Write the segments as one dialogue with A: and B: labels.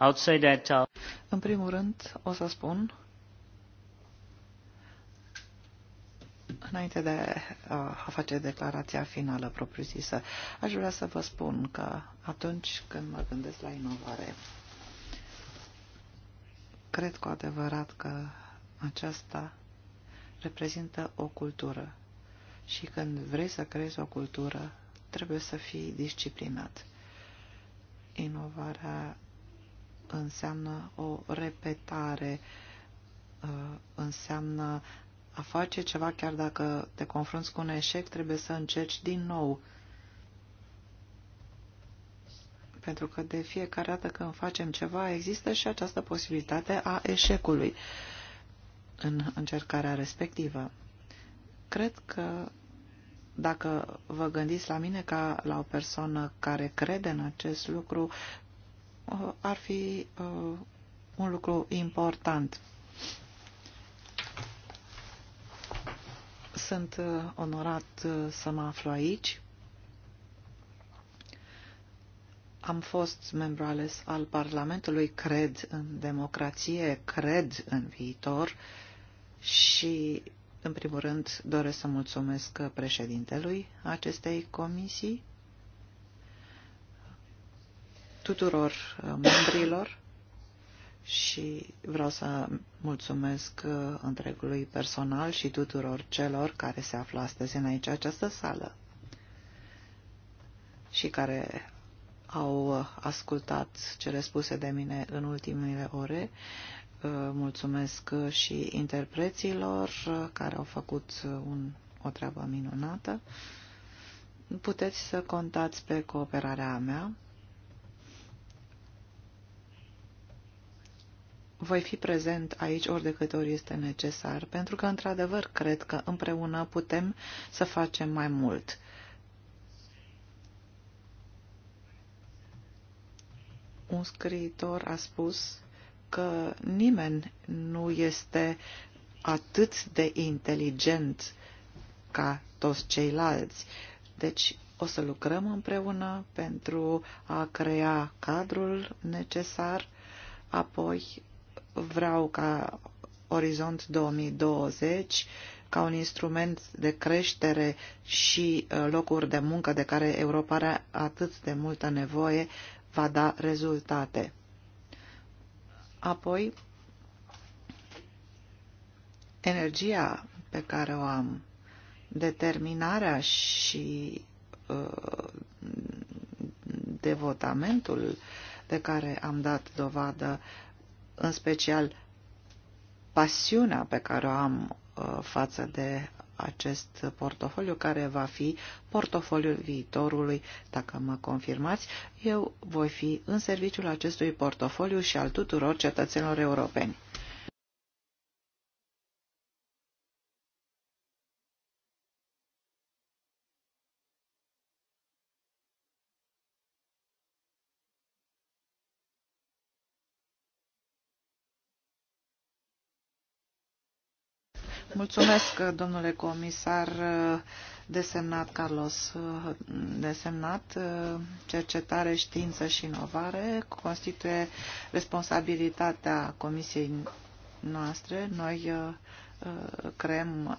A: Uh, În primul rând, o să spun, înainte de uh, a face declarația finală propriu-zisă, aș vrea să vă spun că atunci când mă gândesc la inovare, cred cu adevărat că aceasta reprezintă o cultură. Și când vrei să creezi o cultură, trebuie să fii disciplinat. Inovarea înseamnă o repetare, uh, înseamnă a face ceva chiar dacă te confrunți cu un eșec, trebuie să încerci din nou. Pentru că de fiecare dată când facem ceva, există și această posibilitate a eșecului în încercarea respectivă. Cred că dacă vă gândiți la mine ca la o persoană care crede în acest lucru, ar fi uh, un lucru important. Sunt uh, onorat uh, să mă aflu aici. Am fost membru ales al Parlamentului, cred în democrație, cred în viitor și, în primul rând, doresc să mulțumesc președintelui acestei comisii tuturor uh, membrilor și vreau să mulțumesc uh, întregului personal și tuturor celor care se află astăzi în aici această sală și care au uh, ascultat cele spuse de mine în ultimele ore. Mulțumesc și interpreților care au făcut un, o treabă minunată. Puteți să contați pe cooperarea mea voi fi prezent aici ori de câte ori este necesar, pentru că, într-adevăr, cred că împreună putem să facem mai mult. Un scriitor a spus că nimeni nu este atât de inteligent ca toți ceilalți. Deci, o să lucrăm împreună pentru a crea cadrul necesar, apoi vreau ca Orizont 2020 ca un instrument de creștere și uh, locuri de muncă de care Europa are atât de multă nevoie, va da rezultate. Apoi, energia pe care o am, determinarea și uh, devotamentul de care am dat dovadă în special pasiunea pe care o am uh, față de acest portofoliu, care va fi portofoliul viitorului, dacă mă confirmați, eu voi fi în serviciul acestui portofoliu și al tuturor cetățenilor europeni. Mulțumesc, domnule comisar desemnat Carlos, desemnat cercetare, știință și inovare, constituie responsabilitatea comisiei noastre. Noi uh, creăm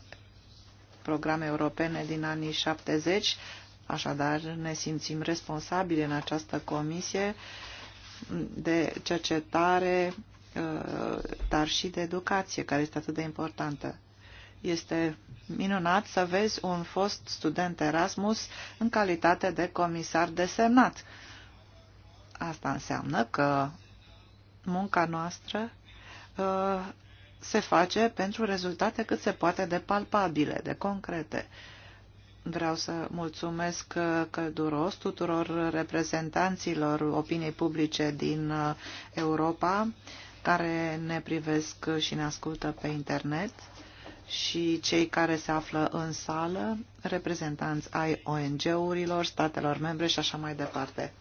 A: programe europene din anii 70, așadar ne simțim responsabili în această comisie de cercetare, uh, dar și de educație, care este atât de importantă. Este minunat să vezi un fost student Erasmus în calitate de comisar desemnat. Asta înseamnă că munca noastră uh, se face pentru rezultate cât se poate de palpabile, de concrete. Vreau să mulțumesc uh, călduros tuturor reprezentanților opiniei publice din uh, Europa care ne privesc și ne ascultă pe internet și cei care se află în sală, reprezentanți ai ONG-urilor, statelor membre și așa mai departe.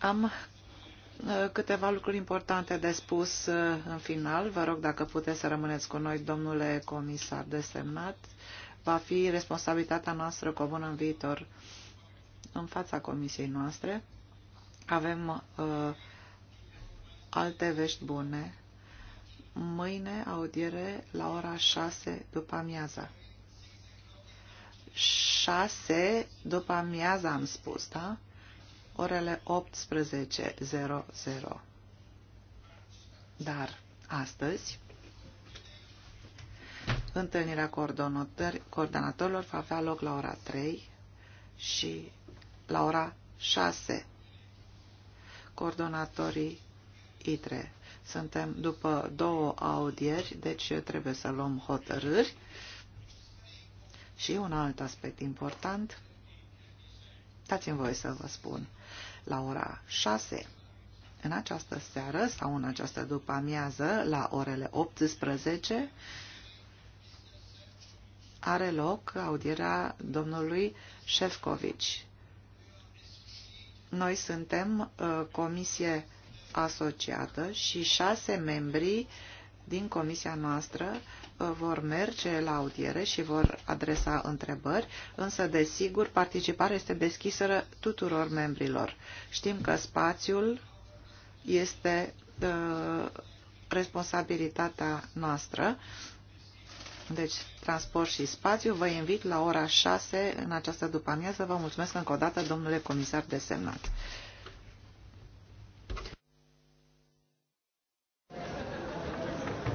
A: Am uh, câteva lucruri importante de spus uh, în final. Vă rog dacă puteți să rămâneți cu noi, domnule comisar desemnat. Va fi responsabilitatea noastră comună în viitor în fața comisiei noastre. Avem uh, alte vești bune mâine audiere la ora 6 după amiaza. 6 după amiaza am spus, da? Orele 18.00. Dar astăzi întâlnirea coordonatorilor va avea loc la ora 3 și la ora 6. Coordonatorii ITRE suntem după două audieri, deci trebuie să luăm hotărâri. Și un alt aspect important, dați-mi voi să vă spun, la ora 6 în această seară sau în această după-amiază, la orele 18, are loc audierea domnului Șefcovici. Noi suntem uh, comisie asociată și șase membri din comisia noastră uh, vor merge la audiere și vor adresa întrebări, însă, desigur, participarea este deschisă tuturor membrilor. Știm că spațiul este uh, responsabilitatea noastră, deci transport și spațiu. Vă invit la ora 6 în această după-amiază. Vă mulțumesc încă o dată, domnule comisar desemnat.